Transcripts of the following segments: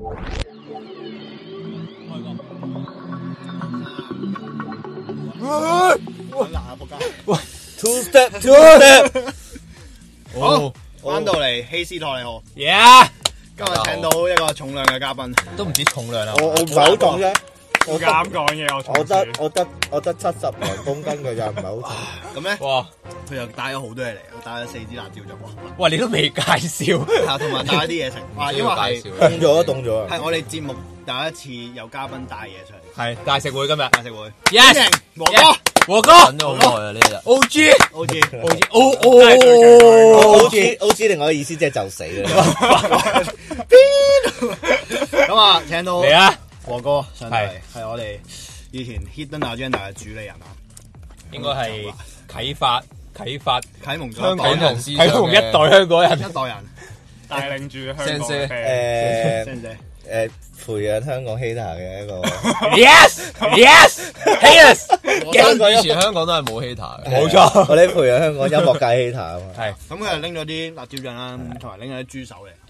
唔好講，好，翻到嚟希斯托利號，yeah，今日請到一個重量嘅嘉賓，都唔止重量啊，我我唔好講啫。好唔講嘢，我我得我得我得七十零公斤嘅，又唔係好重咁咧。哇！佢又帶咗好多嘢嚟，我帶咗四支辣椒就哇喂，你都未介紹啊？同埋帶啲嘢食。哇，因為係凍咗，凍咗啊！係我哋節目第一次有嘉賓帶嘢出嚟。係大食會今日大食會。Yes，王哥，王哥等咗好耐啊！呢日 O G O G O O O G O G 另外我嘅意思即係就死啦。咁啊，請到嚟啊！.哥哥，係係我哋以前 Hidden Agenda 嘅主理人啊，應該係啟發、啟發、啟蒙咗香港、啟蒙一代香港人、一代人帶領住香港，誒誒，培養香港 hater 嘅一個，yes yes yes，以前香港都係冇 hater 嘅，冇錯，我哋培養香港音樂界 hater 係，咁佢又拎咗啲辣椒醬啦，同埋拎咗啲豬手嚟。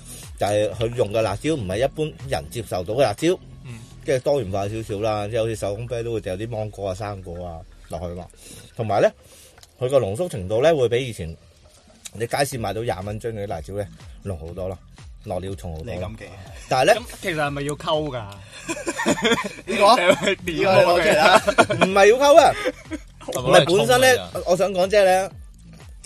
就係佢用嘅辣椒唔係一般人接受到嘅辣椒，嗯、即係多元化少少啦，即係好似手工啤都會掉啲芒果啊、生果啊落去嘛。同埋咧佢個濃縮程度咧會比以前你街市買到廿蚊樽嗰啲辣椒咧濃好多咯，落料、嗯、重好多。你咁嘅、啊，但係咧其實係咪要溝㗎？呢個講唔係要溝說啊，唔係本身咧， 我想講即係咧。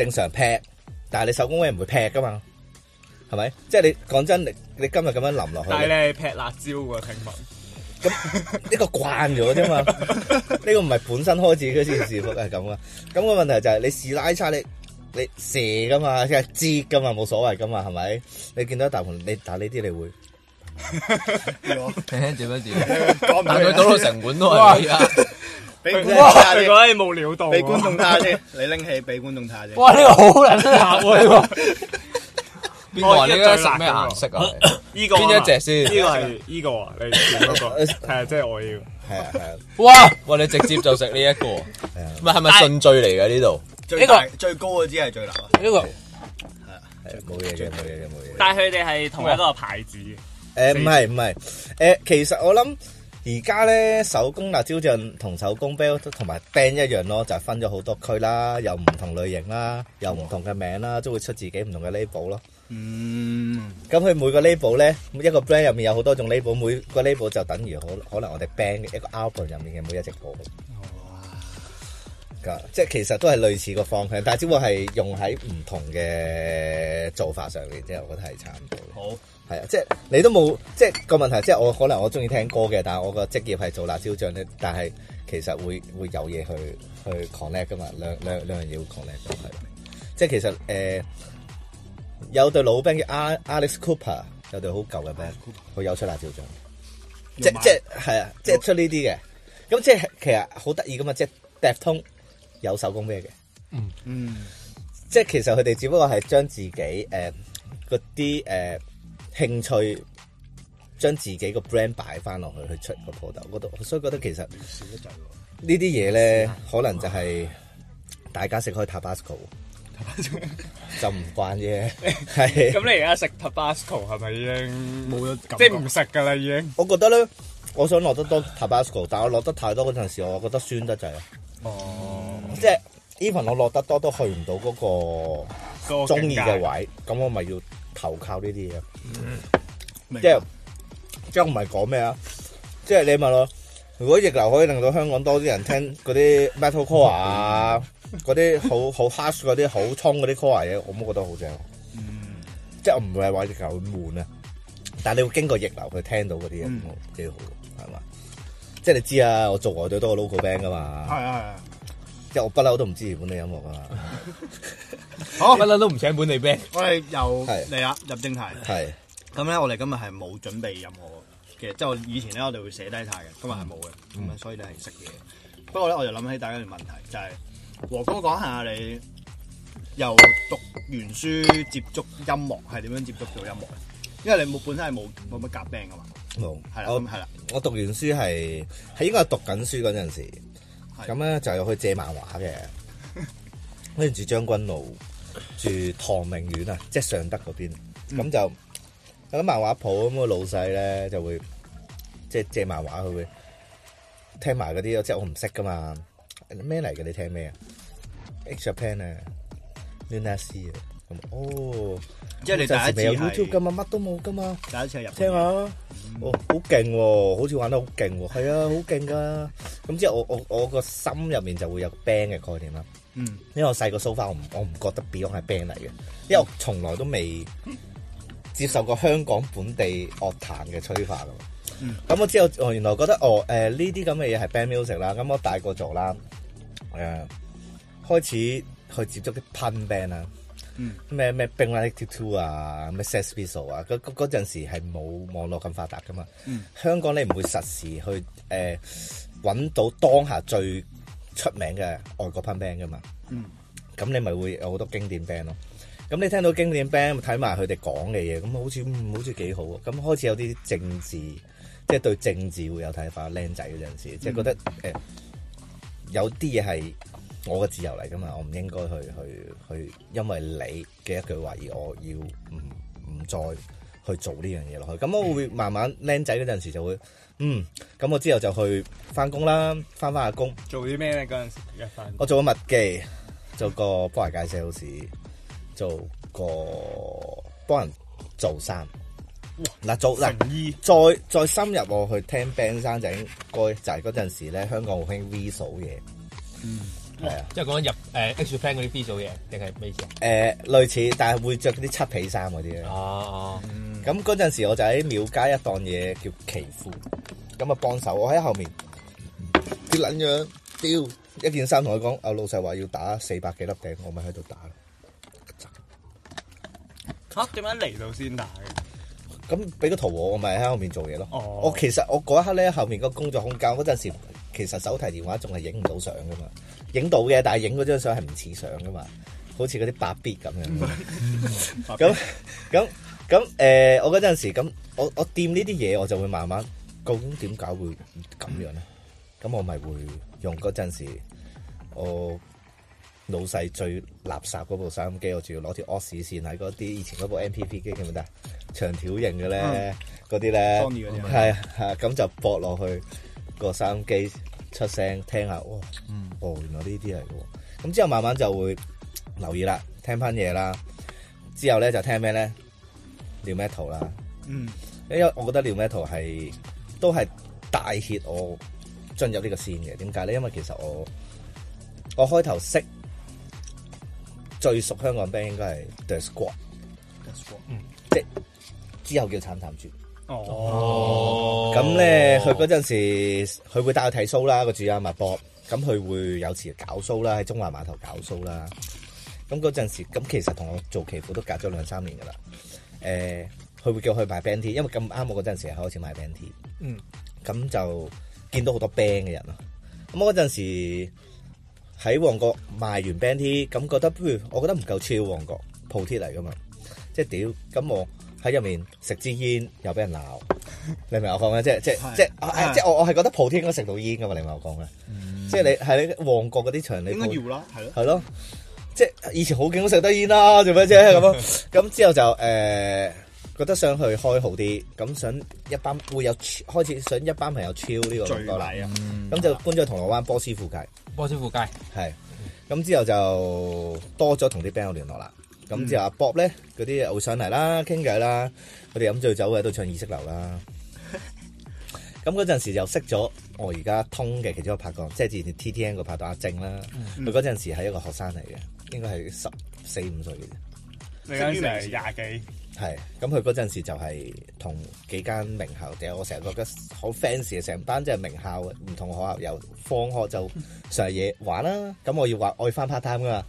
正常劈，但係你手工威唔會劈噶嘛？係咪？即係你講真，你你今日咁樣淋落去，但係你劈辣椒噶聽聞，咁呢個慣咗啫嘛？呢個唔係本身開始嗰件事，係咁啊？咁個問題就係你試拉叉，你你射噶嘛，即係折噶嘛，冇所謂噶嘛，係咪？你見到大盆，你打呢啲你會點啊？聽聽點樣點？講唔講到成本都係啊？俾觀眾睇下先，你拎起俾觀眾睇下先。哇！呢個好難答喎。邊個呢個？咩顏色啊？呢個邊一隻先？呢個係呢個啊？你邊一個？係啊，即係我要。係啊係啊。哇哇！你直接就食呢一個？係啊。唔係係咪順序嚟嘅呢度？呢個最高嘅只係最難。呢個係啊係啊，最高嘢最高嘢最高嘢。但係佢哋係同一個牌子。誒，唔係唔係。誒，其實我諗。而家咧手工辣椒醬同手工啤同埋 band 一樣咯，就係分咗好多區啦，有唔同類型啦，有唔同嘅名啦，都會出自己唔同嘅 label 咯。嗯，咁佢每個 label 咧，一個 brand 入面有好多種 label，每個 label 就等於可可能我哋 band 一個 album 入面嘅每一隻歌。哇！即係其實都係類似個方向，但係只會係係用喺唔同嘅做法上面，即係我覺得係差唔多。好。係啊，即係你都冇，即係個問題，即係我可能我中意聽歌嘅，但係我個職業係做辣椒醬咧，但係其實會會有嘢去去 connect 噶嘛，兩兩兩樣嘢 connect 都係，即係其實誒有對老兵叫 Alex Cooper，有對好舊嘅 band，佢有出辣椒醬，即即係啊，即係出呢啲嘅，咁即係其實好得意噶嘛，即係 Deftones 有手工咩嘅，嗯嗯，即係其實佢哋只不過係將自己誒嗰啲誒。興趣，將自己個 brand 擺翻落去去出個鋪頭，嗰度所以覺得其實少得滯呢啲嘢咧，可能就係大家食開 Tabasco，Tabasco 就唔慣啫。係咁，你而家食 Tabasco 係咪已經冇咗？即係唔食噶啦，已經。我覺得咧，我想落得多 Tabasco，但我落得太多嗰陣時，我覺得酸得滯啊。哦，即係 Even 我落得多，多都去唔到嗰個中意嘅位，咁我咪要。投靠呢啲嘢，即係即係我唔係講咩啊，即係你問我，如果逆流可以令到香港多啲人聽嗰啲 metalcore 啊，嗰啲、嗯嗯、好好 harsh 嗰啲好衝嗰啲 core 嘢，我都覺得好正。嗯，即係我唔係話逆流會悶啊，但係你會經過逆流去聽到嗰啲嘢，幾、嗯、好的，係嘛？嗯、即係你知啊，我做外隊多過 local band 噶嘛。係啊係啊。對啊即係我不嬲都唔支持本地音樂啊 好，好不嬲都唔請本地 band，我哋又嚟啊入正題，係咁咧，我哋今日係冇準備任何嘅，即係我以前咧我哋會寫低曬嘅，今日係冇嘅，咁、嗯、所以你係食嘢。嗯、不過咧我就諗起大家嘅問題，就係、是、和哥講下你由讀完書接觸音樂係點樣接觸到音樂？因為你冇本身係冇冇乜夾 band 噶嘛，冇、嗯，的我係啦，的我讀完書係喺應該係讀緊書嗰陣時。咁咧就有去借漫畫嘅，跟住住將軍澳住唐明苑啊，即、就是，尚德嗰邊。咁、嗯、就有個漫畫鋪，咁個老細咧就會即係借漫畫，佢會聽埋嗰啲，即、就、係、是、我唔識噶嘛。咩嚟嘅？你聽咩啊 e x p l a n t h n a C s 哦，即係你暫時未有 YouTube 咁啊，乜都冇噶嘛，第一次入聽下，嗯、哦，厲害哦，好勁喎，好似玩得好勁喎，係啊的，好勁噶。咁的之後我我我個心入面就會有 band 嘅概念啦，嗯，因為我細個蘇化，我唔我唔覺得 Beyond 係 band 嚟嘅，嗯、因為我從來都未接受過香港本地樂壇嘅催化噶。咁我、嗯、之後我原來覺得哦，誒呢啲咁嘅嘢係 band music 啦。咁我大個咗啦，誒、呃、開始去接觸啲 punk band 啊。咩咩《Be Like Two》啊，《咩 Sespicable》啊，嗰嗰嗰陣時係冇網絡咁發達噶嘛。嗯、香港你唔會實時去誒搵、呃、到當下最出名嘅外國 punk band 噶嘛。咁、嗯、你咪會有好多經典 band 咯、啊。咁你聽到經典 band，睇埋佢哋講嘅嘢，咁好似好似幾好、啊。咁開始有啲政治，即、就、係、是、對政治會有睇法。僆仔嗰陣時，即、就、係、是、覺得誒、嗯呃、有啲嘢係我嘅自由嚟㗎嘛？我唔應該去去去，因為你嘅一句話而我要唔唔再去做呢樣嘢落去。咁我會慢慢僆仔嗰陣時就會，嗯。咁我之後就去返工啦，返返下工。做啲咩咧？嗰陣時翻。我做緊麥記，做個波鞋街 sales，做個幫人做衫。嗱哇做嗱衣再再深入我去聽 band 生整歌，就係嗰陣時咧，香港好興 visual 嘢。嗯。係啊，即係講緊入誒 X Friend 嗰啲飛做嘢，定係咩意思？誒、呃，類似，但係會着嗰啲七皮衫嗰啲哦，咁嗰陣時我就喺廟街一檔嘢叫奇夫，咁啊幫手，我喺後面啲撚樣，屌、嗯、一件衫同佢講，阿老細話要打四百幾粒頂，我咪喺度打咯。嚇？點解嚟到先打？咁俾、啊、個圖我，我咪喺後面做嘢咯。哦、我其實我嗰一刻咧後面個工作空間嗰陣時。其實手提電話仲係影唔到相噶嘛，影到嘅，但係影嗰張相係唔似相噶嘛，好似嗰啲 8bit 咁樣。咁咁咁，誒、呃，我嗰陣時，咁我我掂呢啲嘢，我就會慢慢，究竟點解會咁樣咧？咁 我咪會用嗰陣時，我老細最垃圾嗰部收音機，我仲要攞條 o 屎線喺嗰啲以前嗰部 m p p 機，記唔記得？長條型嘅咧，嗰啲咧，係係，咁、啊、就駁落去個收音機。出聲聽下，哇！嗯、哦，原來呢啲嚟喎。咁之後慢慢就會留意啦，聽翻嘢啦。之後咧就聽咩咧？流 metal 啦。嗯。因為我覺得流 metal 係都係大 hit 我進入這個的呢個線嘅。點解咧？因為其實我我開頭識最熟香港 band 應該係 The, The Squad。The Squad。嗯。即之後叫慘慘豬。哦，咁咧、哦，佢嗰陣時，佢會帶我睇 show 啦，個主阿麥博，咁佢會有時搞 show 啦，喺中華碼頭搞 show 啦。咁嗰陣時，咁其實同我做皮膚都隔咗兩三年噶啦。誒、呃，佢會叫我去買 band T，因為咁啱我嗰陣時係開始買 band T。嗯，咁就見到好多 band 嘅人咯。咁嗰陣時喺旺角賣完 band T，咁覺得，我覺得唔夠超旺角鋪貼嚟噶嘛，即係屌咁我。喺入面食支煙又俾人鬧， 你明我講咩？ 即係是是 即係即係，即係我我係覺得普天應該食到煙噶嘛。你明我講咩？嗯、即係你喺旺角嗰啲場，你應該要啦，係咯，係咯。即係以前好勁都食得煙啦，做咩啫咁咁，之後就誒、呃、覺得想去開好啲，咁想一班會有開始想一班朋友超呢、呢個最多啦。咁、嗯、就搬咗去銅鑼灣波斯富街。波斯富街係咁之後就多咗同啲朋友聯絡啦。咁之後，Bob 咧嗰啲又上嚟啦，傾偈啦，佢哋飲醉酒嘅都唱意識流啦。咁嗰陣時就識咗我而家通嘅其中一個拍檔，即係之前 TTN 個拍檔阿正啦。佢嗰陣時係一個學生嚟嘅，應該係十四五歲嘅。嗰陣時廿幾，係咁佢嗰陣時就係同幾間名校嘅，我成日覺得好 fancy 嘅，成班即係名校唔同學校又放學就成日嘢玩啦。咁我要話我要翻 part time 噶嘛，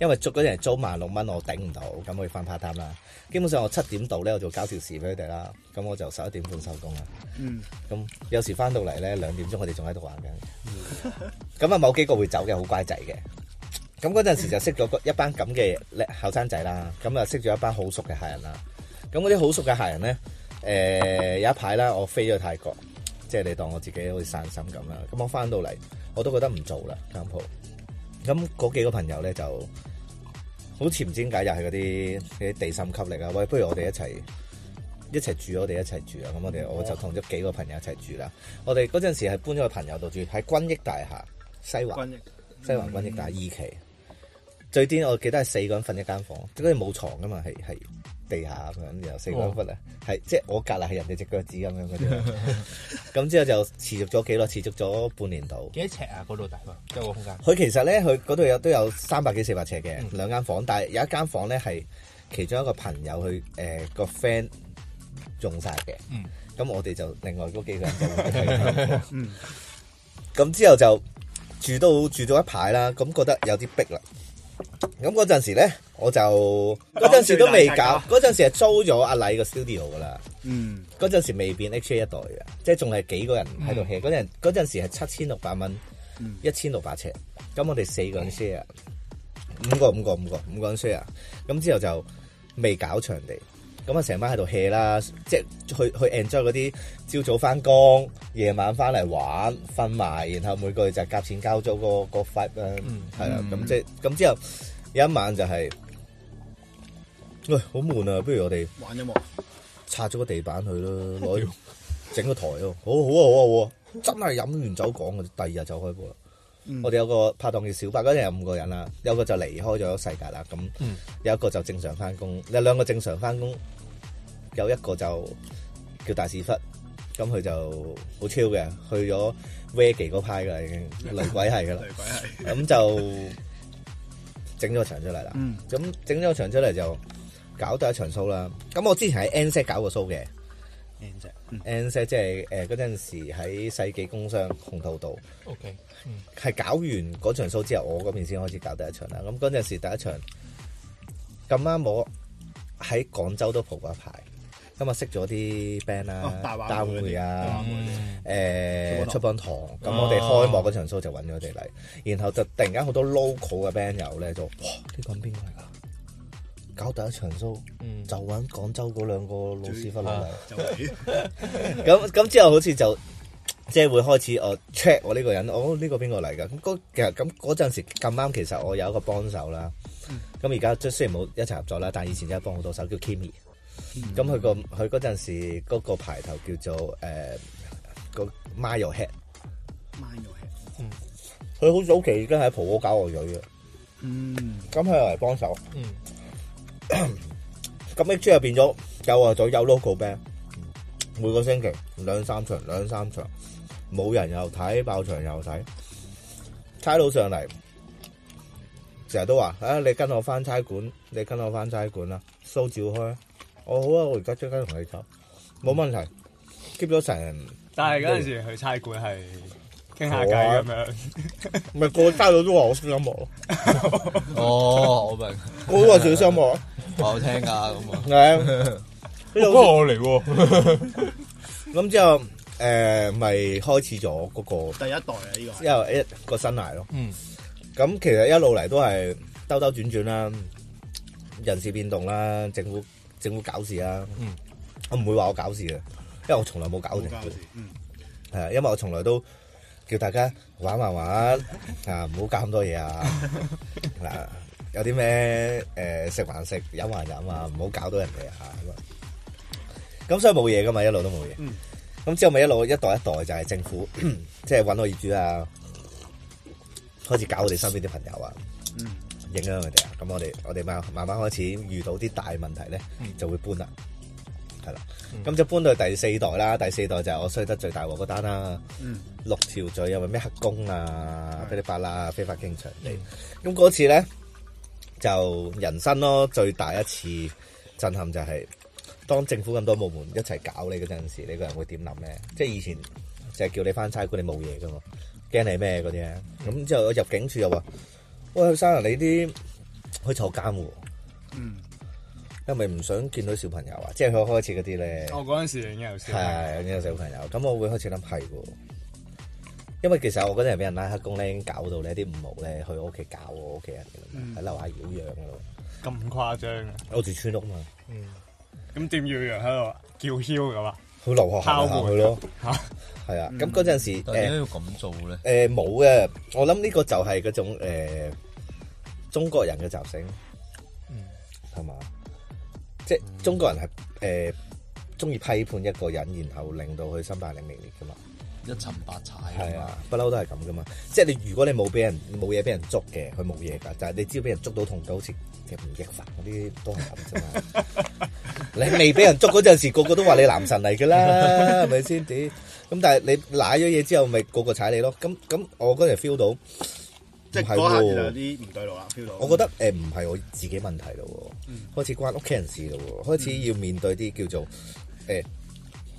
因為時租嗰陣係租萬六蚊，我頂唔到，咁我要翻 part time 啦。基本上我七點到咧，我就搞笑事俾佢哋啦，咁我就十一點半收工啦。嗯，咁有時翻到嚟咧兩點鐘，我哋仲喺度玩緊。咁啊冇幾個會走嘅，好乖仔嘅。咁嗰陣時就識咗個一班咁嘅叻後生仔啦，咁啊識咗一班好熟嘅客人啦。咁嗰啲好熟嘅客人咧，誒、呃、有一排啦，我飛咗泰國，即係你當我自己好似散心咁啦。咁我翻到嚟，我都覺得唔做啦，湯鋪。咁嗰幾個朋友咧就好似唔知點解又係嗰啲地心吸力啊！喂，不如我哋一齊一齊住，我哋一齊住啊！咁我哋我就同咗幾個朋友一齊住啦。我哋嗰陣時係搬咗個朋友度住，喺均益大廈西環，均益西環均益大二期。最癲我記得係四個人瞓一間房，即嗰啲冇床噶嘛，係係地下咁樣，然後四個人瞓咧，係即係我隔籬係人哋隻腳趾咁樣嗰啲。咁 之後就持續咗幾耐，持續咗半年度？幾多尺啊？嗰度大概，即、就、係、是、個空間。佢其實咧，佢嗰度有都有三百幾四百尺嘅兩間房，嗯、但係有一間房咧係其中一個朋友去誒、呃那個 friend 用晒嘅。咁、嗯、我哋就另外嗰幾個人。咁、 嗯、之後就住到住咗一排啦，咁覺得有啲逼啦。咁嗰陣時咧，我就嗰陣時都未搞，嗰陣時係租咗阿禮個 studio 噶啦。嗯，嗰陣時未變 H A 一代嘅，即係仲係幾個人喺度 hea。嗰陣嗰陣時係七千六百蚊，一千六百尺。咁我哋四個人 share，、嗯、五個五個五個五個人 share。咁之後就未搞場地。咁啊，成晚喺度 hea 啦，即係去去 enjoy 嗰啲朝早翻工，夜晚翻嚟玩瞓埋，然後每個月就夾錢交租、嗰個、嗰個費啊、嗯，係啊，咁即係咁之後有一晚就係、是，喂、哎、好悶啊，不如我哋玩音樂，拆咗個地板佢咯，攞去整個台喎，好好好啊喎、啊啊，真係飲完酒講嘅，第二日就開播啦。我哋有個拍檔叫小白，嗰陣有五個人啦，有個就離開咗世界啦，咁有一個就正常翻工，有兩個正常翻工，有一個就叫大屎忽，咁佢就好超嘅，去咗 Veggie 嗰派啦已經，雷鬼係噶啦，咁就整咗場出嚟啦，咁整咗場出嚟就搞多一場 show 啦，咁我之前喺 Anset 搞過 show 嘅，Anset。And set 即係誒嗰陣時喺世紀工商紅桃道，OK，係、mm hmm. 搞完嗰場 show 之後，我嗰邊先開始搞第一場啦。咁嗰陣時第一場咁啱我喺廣州都蒲過一排，咁啊識咗啲 band 啦、大會啊、誒、出方堂，咁、嗯、我哋開幕嗰場 show 就揾咗佢哋嚟，啊、然後就突然間好多 local 嘅 band 友咧就哇，你講邊個啊？搞第一場 show 就揾廣州嗰兩個老師翻嚟，咁咁之後好似就即係會開始我 check 我呢個人，我呢個邊個嚟嘅？咁嗰其咁陣時咁啱，其實我有一個幫手啦。咁而家即係雖然冇一齊合作啦，但係以前真係幫好多手，叫 k i m i 咁佢個佢嗰陣時嗰個牌頭叫做誒個 My Head。佢好早期都係婆婆搞我女嘅。嗯，咁佢又嚟幫手。咁一出入變咗有啊，再有，有 local band，每個星期兩三場，兩三場，冇人又睇，爆場又睇。差佬上嚟成日都話，你跟我返差館，你跟我返差館啦，蘇照開，我好啊，我而家即刻同你走，冇問題，keep 咗成，但係嗰陣時去差館係。傾下偈咁樣，咪個家長都話我識音樂咯。哦，我明，個個都話識音樂，我聽噶咁啊。呢個都係我嚟？咁之後誒，咪開始咗嗰個第一代啊呢個。之後一個新嚟咯。嗯。咁其實一路嚟都係兜兜轉轉啦，人事變動啦，政府政府搞事啦。嗯。我唔會話我搞事嘅，因為我從來冇搞過政府。嗯。係，因為我從來都。叫大家玩玩玩 啊，唔好搞咁多嘢啊！嗱、啊，有啲咩誒食還食，飲還飲啊，唔好搞到人哋啊！咁、啊啊、所以冇嘢㗎嘛，一路都冇嘢。咁、嗯、之後咪一路一代一代就係政府，即係揾我業主啊，開始搞我哋身邊啲朋友啊，影響佢哋啊。咁我哋我哋慢慢慢開始遇到啲大問題咧，嗯、就會搬啦。係啦，咁就搬到第四代啦。第四代就係我衰得最大鑊嗰單啦，嗯、六條罪，又係咩黑工啊、噼里啪啦，非法經營地。咁嗰的次咧就人生咯，最大一次震撼就係、是，當政府咁多部門一齊搞你嗰陣時，你個人會點諗咧？即係以前就係叫你翻差館，你冇嘢噶嘛，驚你咩嗰啲啊？咁之後入境處又話，喂，去生你啲去坐監喎。嗯。因為唔想見到小朋友啊？即係佢開始嗰啲咧。我嗰陣時已經有小朋友。係已經有小朋友，咁我會開始諗係喎。因為其實我嗰陣時俾人拉黑工咧，搞到呢啲五毛咧去我屋企搞我屋企人，喺樓下擾攘噶咁誇張啊！我住村屋嘛。咁點要人喺度叫囂咁啊？去留學學校去咯。吓。係啊。咁嗰陣時誒，要咁做咧？誒，冇嘅。我諗呢個就係嗰種誒中國人嘅習性。嗯。係嘛？即係、嗯、中國人係誒，中、呃、意批判一個人，然後令到佢心身敗名裂噶嘛，一沉百踩係啊，不嬲都係咁噶嘛。即係你如果你冇俾人冇嘢俾人捉嘅，佢冇嘢噶，但係你只要俾人捉到同狗，好似吳亦凡嗰啲都係咁啫嘛。 你未俾人捉嗰陣時，個個都話你男神嚟噶啦，係咪先點？咁但係你瀨咗嘢之後，咪個個踩你咯。咁咁，那我嗰日 feel 到。唔係喎，有啲唔對路啦，我覺得唔係、嗯呃、我自己問題咯，嗯、開始關屋企人事咯，開始要面對啲叫做、呃、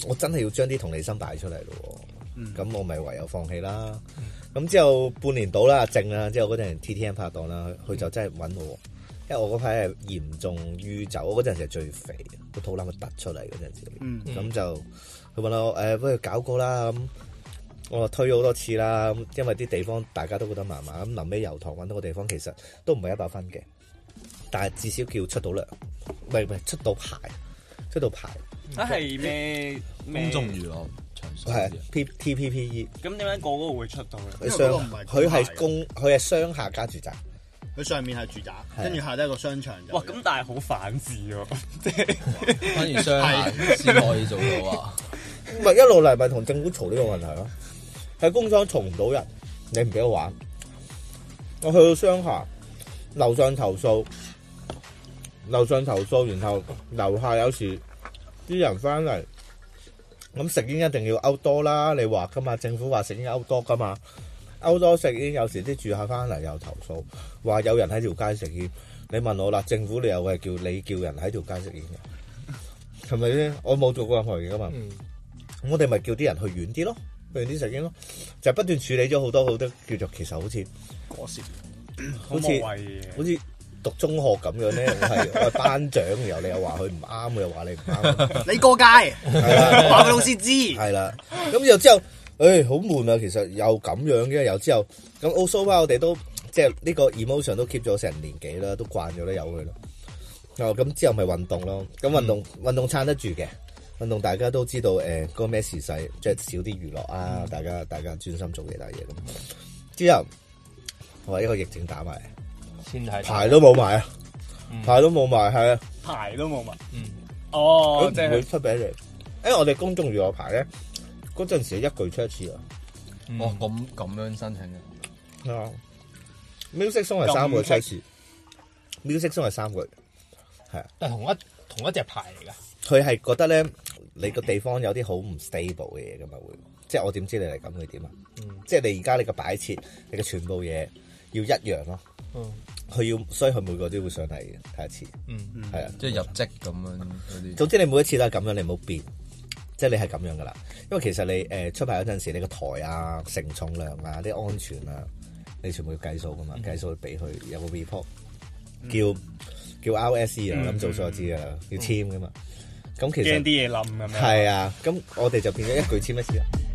我真係要將啲同理心擺出嚟咯。咁、嗯、我咪唯有放棄啦。咁、嗯、之後半年到啦，靜啦，之後嗰陣 TTN 拍檔啦，佢、嗯、就真係搵我，因為我嗰排係嚴重於走，我嗰陣時係最肥，個肚腩佢突出嚟嗰陣時，咁、嗯、就佢問我、呃、不如搞過啦咁。我推咗好多次啦，咁因為啲地方大家都覺得麻麻，咁臨尾油塘搵到個地方其實都唔係一百分嘅，但係至少叫出到量，唔係唔係出到牌，出到牌。啊係咩？嗯、公眾娛樂場所係 P T P P E。咁點解個個會出到咧？佢上佢係公，佢係商下加住宅，佢上面係住宅，跟住下低一個商場。哇！咁但係好反智喎、啊，反而商下先可以做到啊？咪一路嚟咪同政府嘈呢個問題咯。喺工廠嘈唔到人，你唔俾我玩。我去到商廈樓上投訴，樓上投訴，然後樓下有時啲人翻嚟咁食煙，一定要勾多啦。你話噶嘛？政府話食煙勾多噶嘛？勾多食煙，有時啲住客翻嚟又投訴，話有人喺條街食煙。你問我啦，政府你又係叫你叫人喺條街食煙嘅，係咪先？我冇做過任何嘢噶嘛。咁我哋咪叫啲人去遠啲咯。呢啲就應咯，就係不斷處理咗好多好多，叫做其實好似，嗰時好似好似讀中學咁樣咧，係啊班長，然後你又話佢唔啱，又話你唔啱，你過街，話俾老師知，係啦。咁又之後，誒好悶啊！其實又咁樣嘅，又之後咁。Also 啦，我哋都即係呢個 emotion 都 keep 咗成年幾啦，都慣咗都有佢啦。啊，咁之後咪運動咯，咁運動運動撐得住嘅。運動大家都知道，誒，嗰個咩時勢，即係少啲娛樂啊，大家大家專心做其他嘢咁。之後我一個疫情打埋，先睇牌都冇埋啊，牌都冇埋，係啊，牌都冇埋，嗯，哦，即係佢出俾你。誒，我哋公眾娛樂牌咧，嗰陣時一句出一次啊，哦，咁咁樣申請嘅，係啊，musical 係三個出一次，musical 係三個，係啊，但係同一同一隻牌嚟噶，佢係覺得咧。你個地方有啲好唔 stable 嘅嘢噶咪會，即係我點知你嚟咁會點啊？嗯、即係你而家你個擺設，你嘅全部嘢要一樣咯。佢、嗯、要，所以佢每個都會上嚟睇一次。嗯，啊的，即係入職咁樣嗰錯總之你每一次都係咁樣，你冇好變。即係你係咁樣噶啦，因為其實你誒、呃、出牌嗰陣時，你個台啊、承重量啊、啲安全啊，你全部要計數噶嘛，嗯、計數俾佢有個 report，、嗯、叫叫 RSE 啊，咁、嗯嗯、做數我知啊，要簽噶嘛。嗯。咁其實驚啲嘢冧咁樣，係啊！咁我哋就變咗一句簽一次啦。